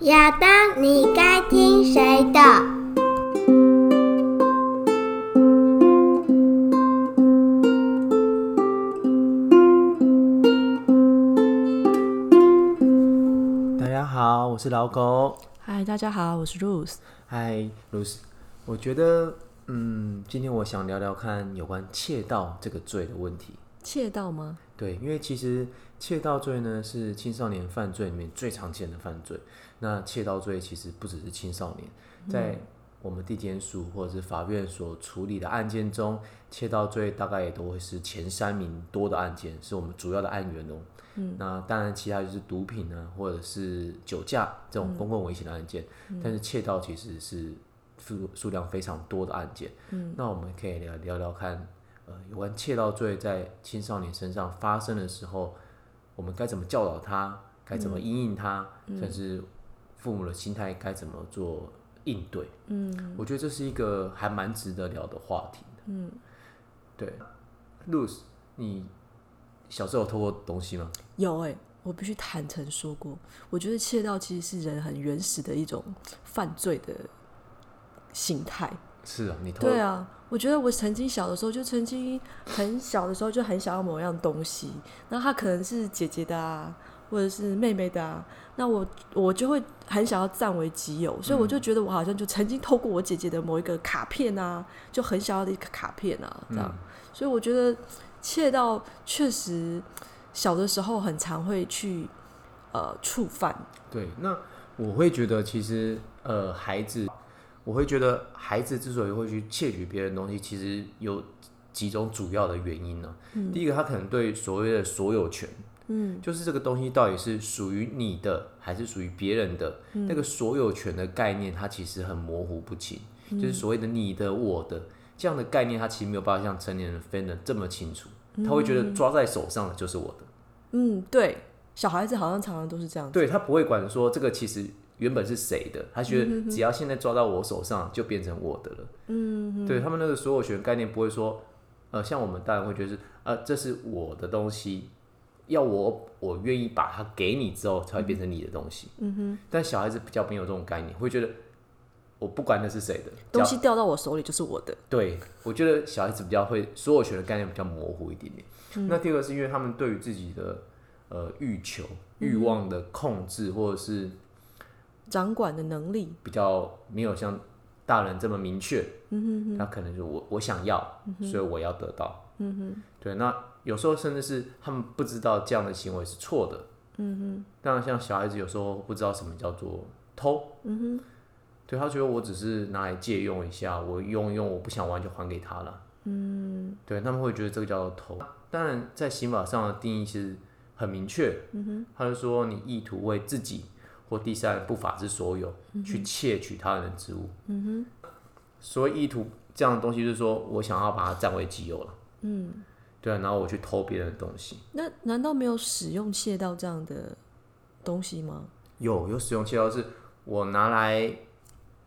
亞當，你該聽誰的？大家好，我是老狗。嗨，大家好，我是 Ruth。嗨，Ruth，我覺得，嗯，今天我想聊聊看有關竊盜這個罪的問題。竊盜嗎？對，因為其實竊盜罪呢是青少年犯罪裡面最常見的犯罪。那竊盜罪其實不只是青少年，在我們地檢署或者是法院所處理的案件中，竊盜罪大概也都會是前三名多的案件，是我們主要的案源哦。哦、嗯，那當然其他就是毒品呢，或者是酒駕這種公共危險的案件，嗯嗯、但是竊盜其實是數數量非常多的案件。嗯，那我們可以聊聊看。呃，有關竊盜罪在青少年身上發生的時候，我們該怎麼教導他？該怎麼因應他？甚、嗯、至父母的心態該怎麼做應對？嗯，我覺得這是一個還蠻值得聊的話題的，嗯，對，Ruth 你小時候有偷過東西嗎？有誒、欸，我必須坦誠說過，我覺得竊盜其實是人很原始的一種犯罪的心態。是啊，你偷。對啊，我覺得我曾經小的時候就曾經很小的時候就很想要某一樣東西，那 他可能是姐姐的啊，或者是妹妹的啊，那我我就會很想要佔為己有，所以我就覺得我好像就曾經偷過我姐姐的某一個卡片啊，就很想要的一個卡片啊，這、嗯、樣，所以我覺得竊盜確實小的時候很常會去呃觸犯。對，那我會覺得其實呃孩子。我會覺得，孩子之所以會去竊取別人的東西，其實有幾種主要的原因呢、啊嗯。第一個，他可能對所謂的所有權，嗯，就是這個東西到底是屬於你的還是屬於別人的、嗯、那個所有權的概念，他其實很模糊不清。嗯、就是所謂的你的、我的、嗯、這樣的概念，他其實沒有辦法像成年人分得這麼清楚、嗯。他會覺得抓在手上的就是我的。嗯，對，小孩子好像常常都是這樣。對，他不會管說這個其實。原本是誰的，他覺得只要現在抓到我手上，就變成我的了。嗯，對他們那個所有權概念不會說，呃，像我們大人會覺得是，呃，這是我的東西，要我我願意把它給你之後，才會變成你的東西。嗯哼。但小孩子比較沒有這種概念，會覺得我不管那是誰的東西，掉到我手裡就是我的。對，我覺得小孩子比較會所有權的概念比較模糊一點點。嗯、那第二個是因為他們對於自己的呃欲求、欲望的控制，或者是、嗯。掌管的能力比較沒有像大人這麼明確、嗯哼，他可能就我我想要、嗯哼，所以我要得到、嗯哼，對。那有時候甚至是他們不知道這樣的行為是錯的，嗯哼、但當然，像小孩子有時候不知道什麼叫做偷，嗯哼、對他覺得我只是拿來借用一下，我用用，我不想玩就還給他了、嗯，對，他們會覺得這個叫做偷。當然，在刑法上的定義其實很明確、嗯哼，他就說：“你意圖為自己。”第三步不法之所有，嗯、去竊取他人之物。嗯哼，所謂意圖這樣的東西，就是說我想要把它佔為己有了。嗯，對啊，然後我去偷別人的東西。那難道沒有使用竊盜這樣的東西嗎？有，有使用竊盜是，我拿來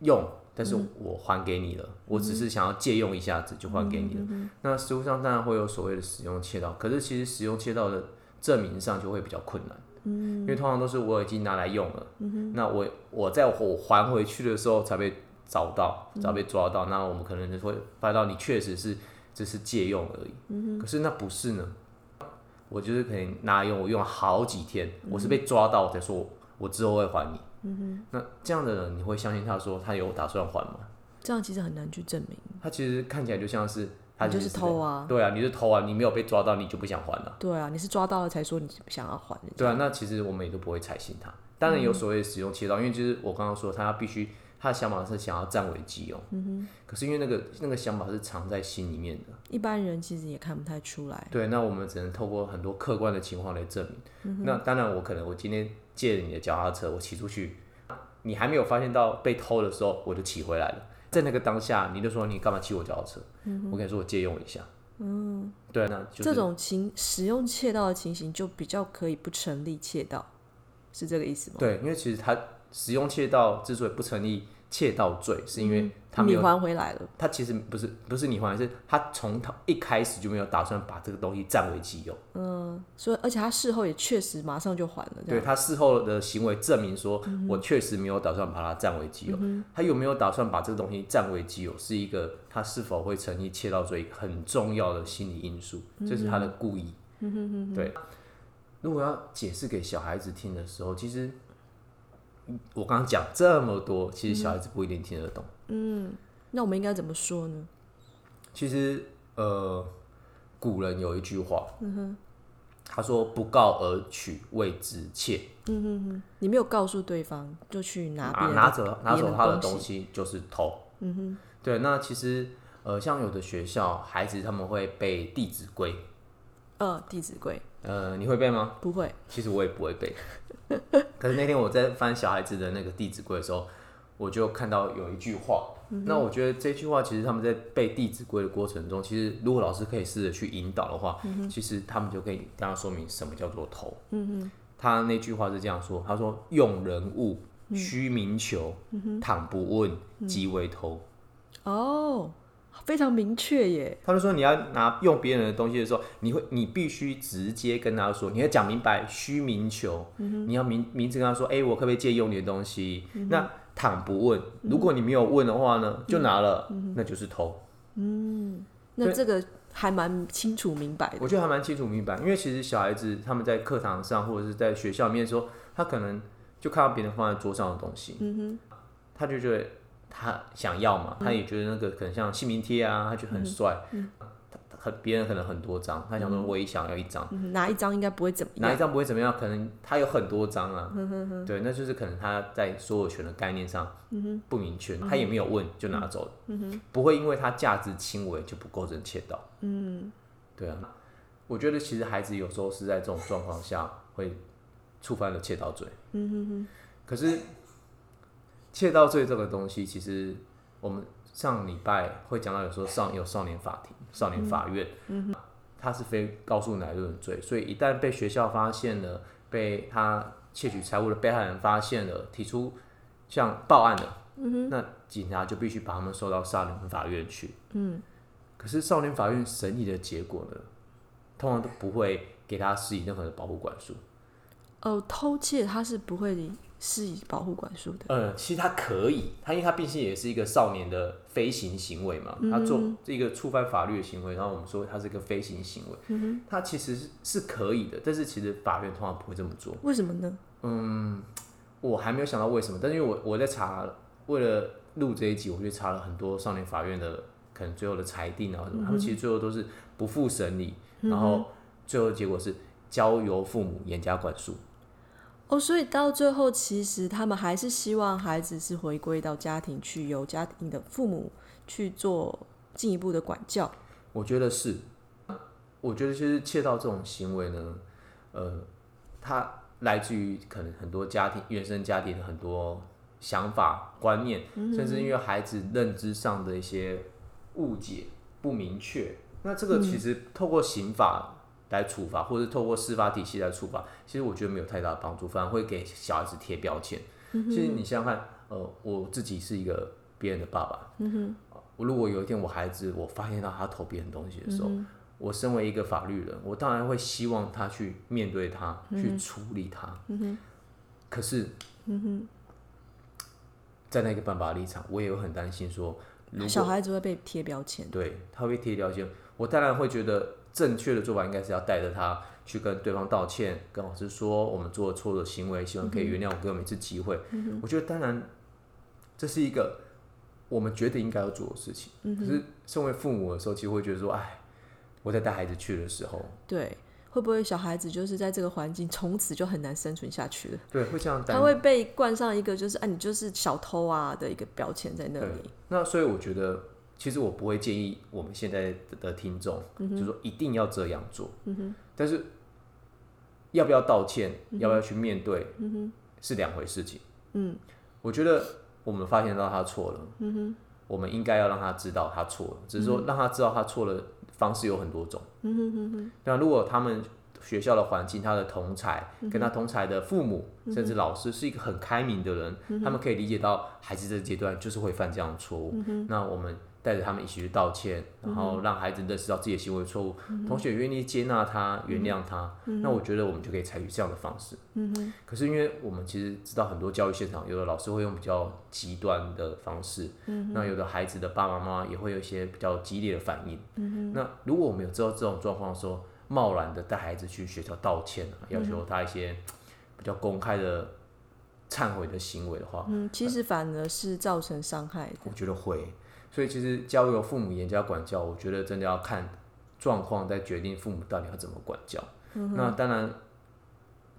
用，但是我還給你了，嗯、我只是想要借用一下子，就還給你了。嗯、那實務上當然會有所謂的使用竊盜，可是其實使用竊盜的證明上就會比較困難。因為通常都是我已經拿來用了，嗯、那我我在我還回去的時候才被找到，才被抓到、嗯。那我們可能就會發現到你確實是只是借用而已、嗯。可是那不是呢，我就是可能拿來用，我用了好幾天，我是被抓到才說、嗯，我之後會還你。嗯、那這樣的人，你會相信他說他有打算還嗎？這樣其實很難去證明。他其實看起來就像是。他就是偷啊是！對啊，你是偷啊！你沒有被抓到，你就不想還了。對啊，你是抓到了才說你想要還。對啊，那其實我們也都不會採信他。當然有所謂使用竊盜、嗯，因為就是我剛剛說，他要必須他的想法是想要佔為己用、嗯。可是因為那個那個想法是藏在心裡面的。一般人其實也看不太出來，對，那我們只能透過很多客觀的情況來證明。嗯、那當然，我可能我今天借著你的腳踏車，我騎出去，你還沒有發現到被偷的時候，我就騎回來了。在那個當下，你就說你幹嘛騎我腳踏車，嗯？我跟你說，我借用一下。嗯，對，那、就是、這種情使用竊盜的情形就比較可以不成立竊盜，是這個意思嗎？對，因為其實他使用竊盜之所以不成立，竊盜罪是因為他沒有、嗯、還回來了。他其實不是不是，你還，是他從他一開始就沒有打算把這個東西占為己有。嗯，所以而且他事後也確實馬上就還了。對，他事後的行為證明說，我確實沒有打算把它占為己有。嗯。他有沒有打算把這個東西占為己有，是一個他是否會成立竊盜罪很重要的心理因素，這，嗯就是他的故意、嗯哼哼哼。對，如果要解釋給小孩子聽的時候，其實。我剛剛講這麼多，其實小孩子不一定聽得懂。嗯，嗯，那我們應該怎麼說呢？其實，呃，古人有一句話，嗯，他說：“不告而取謂之竊”。嗯哼哼，你沒有告訴對方，就去拿別的，啊，拿着拿着他的東西就是偷。嗯哼，對。那其實，呃，像有的學校，孩子他們會背《弟子規》。呃，《弟子規》。呃，你會背嗎？不會。其實我也不會背。 可是那天我在翻小孩子的那個《弟子規》的時候，我就看到有一句話。嗯、那我覺得這句話，其實他們在背《弟子規》的過程中，其實如果老師可以試着去引導的話、嗯，其實他們就可以跟他說明什麼叫做偷、嗯。他那句話是這樣說：“他說，用人物須明求，嗯，倘不問，嗯、即為偷。”哦。非常明確耶！他們說，你要拿用別人的東西的時候，你會你必須直接跟他說，你要講明白須明求，嗯、你要明明確跟他說，哎、欸，我可不可以借用你的東西、嗯？那倘不問，如果你沒有問的話呢，嗯、就拿了、嗯，那就是偷。嗯，那這個還蠻清楚明白的。我覺得還蠻清楚明白，因為其實小孩子他們在課堂上或者是在學校裡面的時候，他可能就看到別人放在桌上的東西，嗯、他就覺得。他想要嘛、嗯？他也覺得那個可能像姓名貼啊，他覺得很帥、嗯嗯，他很別人可能很多張，他想說我也想要一張、嗯嗯，哪一張應該不會怎麼樣？哪一張不會怎麼樣，可能他有很多張啊、嗯嗯嗯，對，那就是可能他在所有權的概念上不明確、嗯嗯，他也沒有問就拿走了，嗯嗯嗯、不會因為他價值輕微就不構成竊盜。嗯，對啊，我覺得其實孩子有時候是在這種狀況下會觸犯了竊盜罪。嗯，嗯，嗯可是。竊盜罪這個東西，其實我們上禮拜會講到有說，有時候上有少年法庭、少年法院，嗯，嗯，它是非告訴乃論罪，所以一旦被學校發現了，被他竊取財物的被害人發現了，提出像報案的，嗯，那警察就必須把他們收到少年法院去，嗯，可是少年法院審理的結果呢，通常都不會給他施以任何的保護管束，呃、哦，偷竊他是不會。是以保護管束的。嗯，其實他可以，他因為他畢竟也是一個少年的非行行為嘛，嗯、他做這個觸犯法律的行為，然後我們說他是一個非行行為，嗯哼，他其實是可以的，但是其實法院通常不會這麼做，為什麼呢？嗯，我還沒有想到為什麼，但是因為我我在查，為了錄這一集，我去查了很多少年法院的可能最後的裁定啊、嗯，他們其實最後都是不付審理、嗯，然後最後結果是交由父母嚴加管束。哦、oh，所以到最後，其實他們還是希望孩子是回歸到家庭去，由家庭的父母去做進一步的管教。我覺得是，我覺得其實竊盜這種行為呢，呃，它來自於可能很多家庭原生家庭的很多想法觀念，嗯，甚至因為孩子認知上的一些誤解不明確。那這個其實透過刑法。嗯來處罰，或者是透過司法體系來處罰，其實我覺得沒有太大的幫助，反而會給小孩子貼標籤、嗯。其實你想想看，呃，我自己是一個別人的爸爸。嗯、如果有一天我孩子我發現到他偷別人東西的時候、嗯，我身為一個法律人，我當然會希望他去面對他，嗯、去處理他。嗯、可是、嗯，在那個爸爸立場，我也有很擔心說，如果小孩子會被貼標籤，對他會被貼標籤，我當然會覺得。正確的做法應該是要帶着他去跟對方道歉，跟老師說我們做錯的行為，希望可以原諒我給我們一次機會、嗯。我覺得當然這是一個我們覺得應該要做的事情、嗯。可是身為父母的時候，其實會覺得說，哎，我在帶孩子去的時候，對，會不會小孩子就是在這個環境從此就很難生存下去了？對，會這樣，他會被冠上一個就是哎、啊，你就是小偷啊的一個標籤在那裡。那所以我覺得。其實我不會建議我們現在的聽眾，就是說一定要這樣做。但是要不要道歉，要不要去面對，是兩回事情。我覺得我們發現到他錯了，我們應該要讓他知道他錯了。只是說讓他知道他錯的方式有很多種。那如果他們學校的環境，他的同儕跟他同儕的父母，甚至老師是一個很開明的人，他們可以理解到孩子這個階段就是會犯這樣的錯誤。那我們。帶着他們一起去道歉，然後讓孩子認識到自己的行為錯誤、嗯，同學願意接納他、嗯、原諒他、嗯，那我覺得我們就可以採取這樣的方式。嗯、可是，因為我們其實知道很多教育現場，有的老師會用比較極端的方式、嗯，那有的孩子的爸爸媽媽也會有一些比較激烈的反應。嗯、那如果我們有知道這種狀況的時候，貿然的帶孩子去學校道歉、啊，要求他一些比較公開的懺悔的行為的話、嗯，其實反而是造成傷害、嗯。我覺得會。所以，其實交由父母嚴加管教，我覺得真的要看狀況再決定父母到底要怎麼管教。嗯、那當然，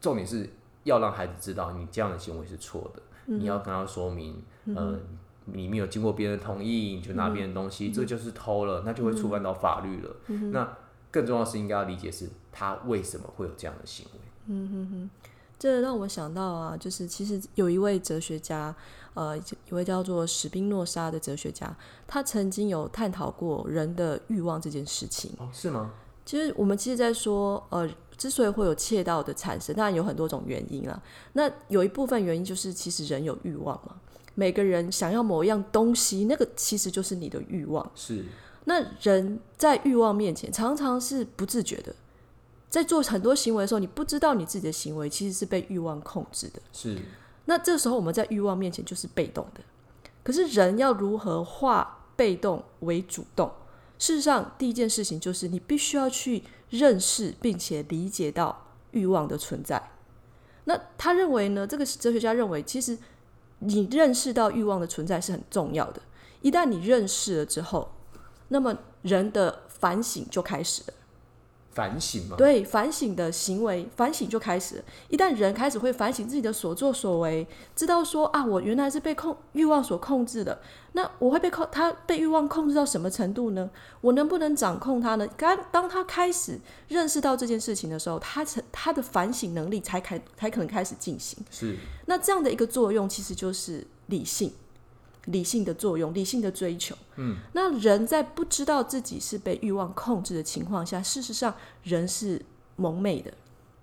重點是要讓孩子知道你這樣的行為是錯的、嗯，你要跟他說明，嗯、呃，你沒有經過別人同意，你就拿別人的東西、嗯，這就是偷了，那就會觸犯到法律了、嗯。那更重要的是，應該要理解是他為什麼會有這樣的行為。嗯哼哼，這讓我想到啊，就是其實有一位哲學家。呃，一位叫做史賓諾莎的哲學家，他曾經有探討過人的欲望這件事情。哦，是嗎？其實我們其實在說，呃，之所以會有竊盜的產生，當然有很多種原因了。那有一部分原因就是，其實人有欲望嘛。每個人想要某一樣東西，那個其實就是你的欲望。是。那人在欲望面前，常常是不自覺的，在做很多行為的時候，你不知道你自己的行為其實是被欲望控制的。是。那這時候我們在欲望面前就是被動的，可是人要如何化被動為主動？事實上，第一件事情就是你必須要去認識並且理解到欲望的存在。那他認為呢？這個哲學家認為，其實你認識到欲望的存在是很重要的。一旦你認識了之後，那麼人的反省就開始了。反省嘛，對，反省的行為，反省就開始。一旦人開始會反省自己的所作所為，知道說啊，我原來是被控欲望所控制的，那我會被控，他被欲望控制到什麼程度呢？我能不能掌控他呢？剛當他開始認識到這件事情的時候，他成他的反省能力才開才可能開始進行。是，那這樣的一個作用其實就是理性。理性的作用，理性的追求。嗯，那人在不知道自己是被慾望控制的情況下，事實上人是蒙昧的。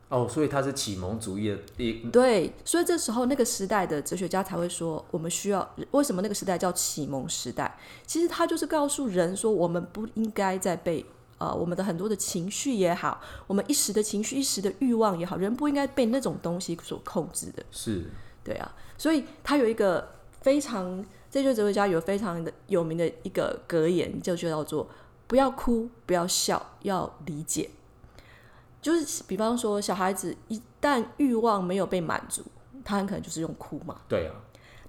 哦，所以他是啟蒙主義的。對，所以這時候那個時代的哲學家才會說，我們需要，為什麼那個時代叫啟蒙時代？其實他就是告訴人說，我們不應該再被，呃，我們的很多的情緒也好，我們一時的情緒、一時的慾望也好，人不應該被那種東西所控制的。是對啊，所以他有一個非常。這位哲學家有非常的有名的一個格言，就叫做“不要哭，不要笑，要理解”。就是比方說，小孩子一旦欲望沒有被滿足，他很可能就是用哭嘛。對啊。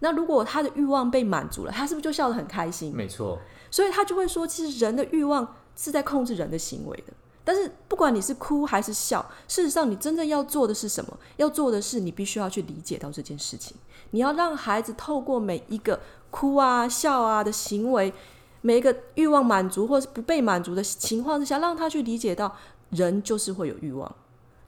那如果他的欲望被滿足了，他是不是就笑得很開心？沒錯。所以他就會說，其實人的欲望是在控制人的行為的。但是不管你是哭還是笑，事實上你真正要做的是什麼？要做的是你必須要去理解到這件事情。你要讓孩子透過每一個哭啊、笑啊的行為，每一個欲望滿足或是不被滿足的情況之下，讓他去理解到人就是會有欲望。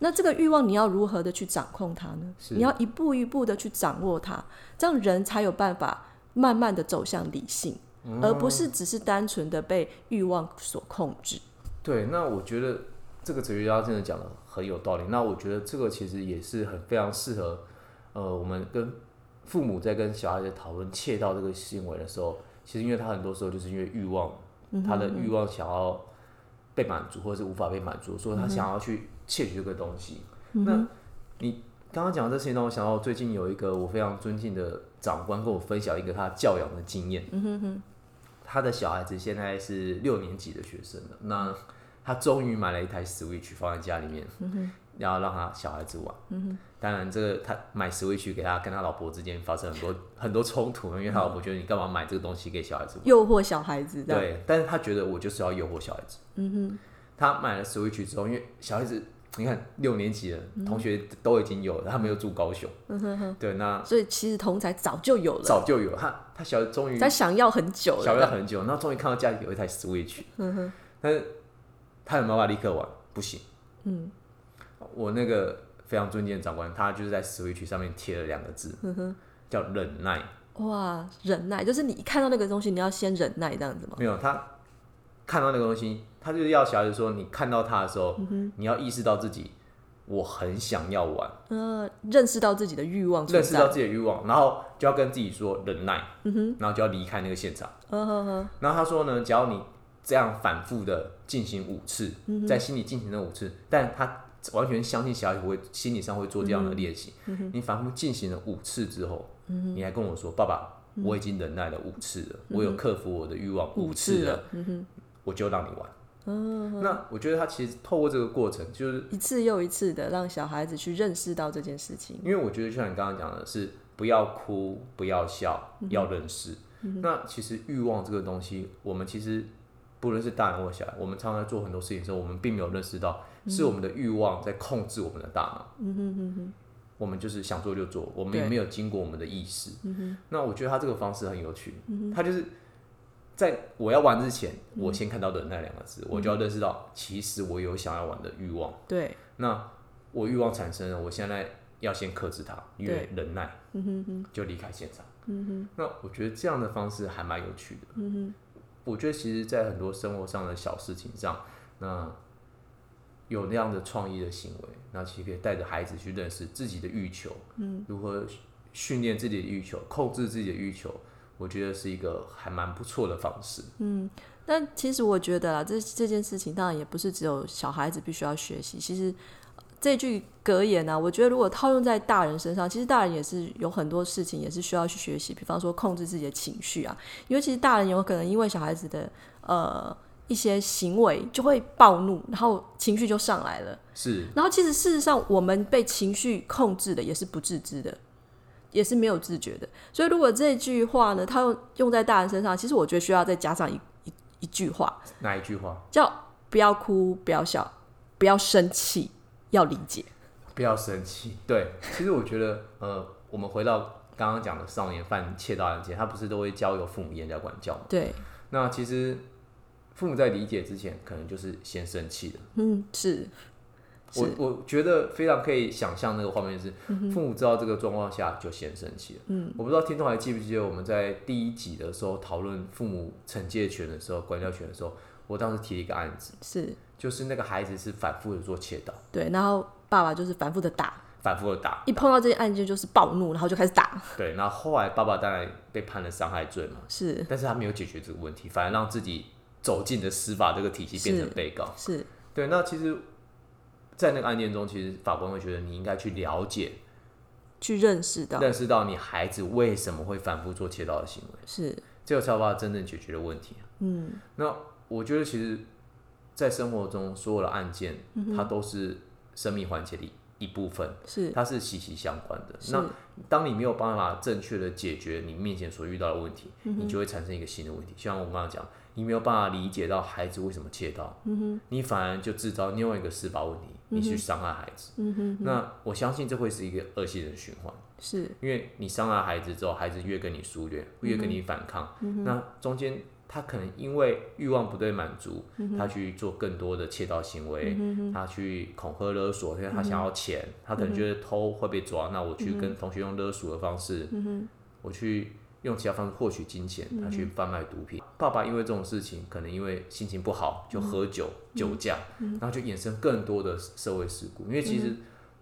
那這個欲望你要如何的去掌控它呢？是，你要一步一步的去掌握它，這樣人才有辦法慢慢的走向理性，嗯，而不是只是單純的被欲望所控制。對，那我覺得這個哲學家真的講的很有道理。那我覺得這個其實也是很非常適合，呃，我們跟。父母在跟小孩子討論竊盜這個行為的時候，其實因為他很多時候就是因為欲望嗯嗯，他的欲望想要被滿足，或者是無法被滿足、嗯，所以他想要去竊取這個東西。嗯、那你剛剛講的這事情讓我想到，最近有一個我非常尊敬的長官跟我分享一個他教養的經驗、嗯嗯。他的小孩子現在是六年級的學生了，那他終於買了一台 Switch 放在家裡面，然、嗯、後讓他小孩子玩。嗯當然，這個他買 Switch 給他跟他老婆之間發生很多很多衝突，因為他老婆覺得你干嘛買這個東西給小孩子？誘惑小孩子？對。但是他覺得我就是要誘惑小孩子。嗯哼。他買了 Switch 之後，因為小孩子，你看六年級了、嗯，同學都已經有了，他沒有住高雄。嗯哼哼。對，那所以其實同儕早就有了，早就有了。他他小終於他想要很久了，想要很久，然後終於看到家裡有一台 Switch。嗯哼。但是他有沒有辦法立刻玩、嗯、不行。嗯。我那個。非常尊敬的長官，他就是在 switch 上面貼了兩個字、嗯，叫忍耐。哇，忍耐，就是你一看到那個東西，你要先忍耐這樣子嗎？沒有，他看到那個東西，他就是要小孩子說，你看到他的時候、嗯，你要意識到自己，我很想要玩。認識到自己的慾望，認識到自己的慾望，望，然後就要跟自己說忍耐。嗯、然後就要離開那個現場、嗯。然後他說呢，只要你這樣反覆的進行五次，嗯、在心裡進行了五次，嗯、但他、嗯。完全相信小孩會心理上會做這樣的練習、嗯。你反覆進行了五次之後、嗯，你還跟我說：“爸爸、嗯，我已經忍耐了五次了，嗯、我有克服我的欲望五次了、嗯，我就讓你玩。嗯”那我覺得他其實透過這個過程，就是一次又一次的讓小孩子去認識到這件事情。因為我覺得就像你剛剛講的是，是不要哭，不要笑，要認識。嗯、那其實欲望這個東西，我們其實。不論是大人或小孩，我們常常在做很多事情的時候，我們並沒有認識到是我們的慾望在控制我們的大腦。嗯嗯。我們就是想做就做，我們也沒有經過我們的意識。那我覺得他這個方式很有趣。他、嗯、就是在我要玩之前，嗯、我先看到忍耐兩個字、嗯，我就要認識到其實我有想要玩的慾望。對。那我慾望產生了，我現在要先克制它，因為忍耐。就離開現場、嗯。那我覺得這樣的方式還蠻有趣的。嗯我覺得其實，在很多生活上的小事情上，那有那樣的創意的行為，那其實可以帶着孩子去認識自己的欲求，嗯，如何訓練自己的欲求，控制自己的欲求，我覺得是一個還蠻不錯的方式。嗯，但其實我覺得啊，這這件事情當然也不是只有小孩子必須要學習，其實。這句格言呢、啊，我覺得如果套用在大人身上，其實大人也是有很多事情也是需要去學習。比方說控制自己的情緒啊，尤其是大人有可能因為小孩子的呃一些行為就會暴怒，然後情緒就上來了。是，然後其實事實上我們被情緒控制的也是不自知的，也是沒有自覺的。所以如果這句話呢，套用，用在大人身上，其實我覺得需要再加上一一一句話，哪一句話？叫不要哭，不要笑，不要生氣。要理解，不要生氣。對， 其實我覺得，呃，我們回到剛剛講的少年犯竊盜案件，他不是都會交由父母嚴加管教嘛？對。那其實父母在理解之前，可能就是先生氣了。嗯，是。是。我我覺得非常可以想象那個畫面是，父母知道這個狀況下就先生氣了。嗯，我不知道聽眾還記不記得我們在第一集的時候討論父母懲戒權的時候、管教權的時候，我當時提了一個案子。是。就是那個孩子是反覆的做竊盜，對，然後爸爸就是反覆的打，反覆的打，一碰到這些案件就是暴怒，然後就開始打。對，那後，後來爸爸當然被判了傷害罪嘛，是，但是他沒有解決這個問題，反而讓自己走進的司法這個體系，變成被告。是，是對，那其實，在那個案件中，其實法官會覺得你應該去了解，去認識到認識到你孩子為什麼會反覆做竊盜的行為，是，這個才有辦法真正解決的問題，啊。嗯，那我覺得其實。在生活中，所有的案件，嗯、它都是生命環節的一部分，是，它是息息相關的。那當你沒有辦法正確的解決你面前所遇到的問題，嗯，你就會產生一個新的問題。像我剛剛講，你沒有辦法理解到孩子為什麼竊盜，嗯，你反而就製造另外一個施暴問題，嗯、你去傷害孩子。嗯、哼哼，那我相信這會是一個惡性的循環，是，因為你傷害孩子之後，孩子越跟你疏遠，越跟你反抗，嗯、那中間。他可能因為欲望不對滿足，嗯、他去做更多的竊盜行為、嗯哼哼，他去恐嚇勒索，因為他想要錢，嗯、他可能覺得偷會被抓、嗯，那我去跟同學用勒索的方式，嗯、我去用其他方式獲取金錢，嗯、他去販賣毒品、嗯。爸爸因為這種事情，可能因為心情不好就喝酒、嗯、酒駕、嗯，然後就衍生更多的社會事故、嗯。因為其實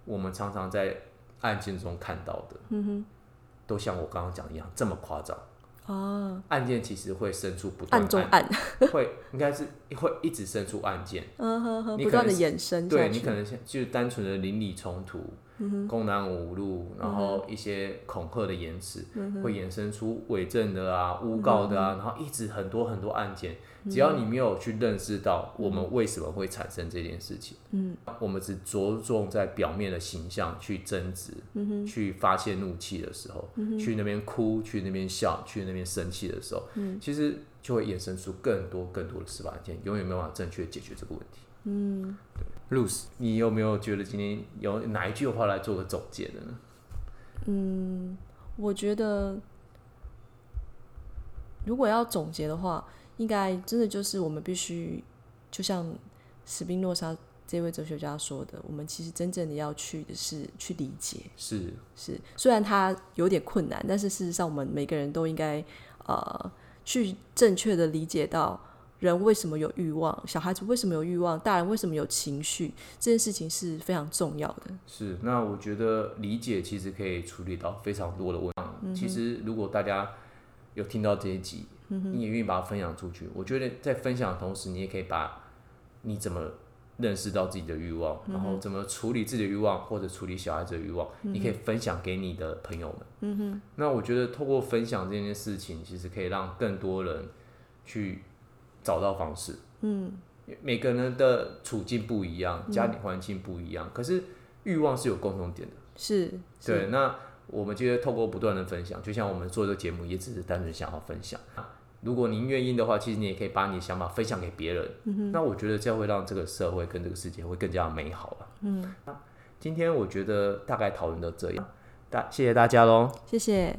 我們常常在案件中看到的，嗯、都像我剛剛講一樣這麼誇張。哦、oh.，案件其實會生出不斷案，暗暗 會應該是會一直生出案件，嗯哼哼，不斷的衍生，對，你可能就是單純的鄰里衝突、uh -huh. 公然侮辱，然後一些恐嚇的言辭，uh -huh. 會衍生出偽證的啊、誣告的啊，uh -huh. 然後一直很多很多案件。Uh -huh. 只要你沒有去認識到我們為什麼會產生這件事情，嗯，我們只着重在表面的形象去爭執，嗯哼，去發洩怒氣的時候，嗯哼，去那邊哭，去那邊笑，去那邊生氣的時候，嗯，其實就會衍生出更多更多的司法案件，永遠沒有辦法正確解決這個問題。嗯，對，Ruth，你有沒有覺得今天有哪一句話來做個總結的呢？嗯，我覺得如果要總結的話。應該真的就是我們必須，就像史賓諾莎這位哲學家說的，我們其實真正的要去的是去理解。是是，雖然它有點困難，但是事實上，我們每個人都應該呃去正確的理解到人為什麼有欲望，小孩子為什麼有欲望，大人為什麼有情緒，這件事情是非常重要的。是，那我覺得理解其實可以處理到非常多的問題。嗯、其實，如果大家有聽到這一集，你也願意把它分享出去？我覺得在分享的同時，你也可以把你怎麼認識到自己的欲望，然後怎麼處理自己的欲望，或者處理小孩子的欲望、嗯，你可以分享給你的朋友們、嗯。那我覺得透過分享這件事情，其實可以讓更多人去找到方式。嗯、每個人的處境不一樣，家庭環境不一樣，嗯、可是欲望是有共同點的是。是。對。那我們覺得透過不斷的分享，就像我們做這個節目，也只是單純想要分享。如果您願意的話，其實你也可以把你的想法分享給別人。嗯。那我覺得這樣會讓這個社會跟這個世界會更加美好了。嗯，那今天我覺得大概討論到這樣。大，謝謝大家嘍，謝謝。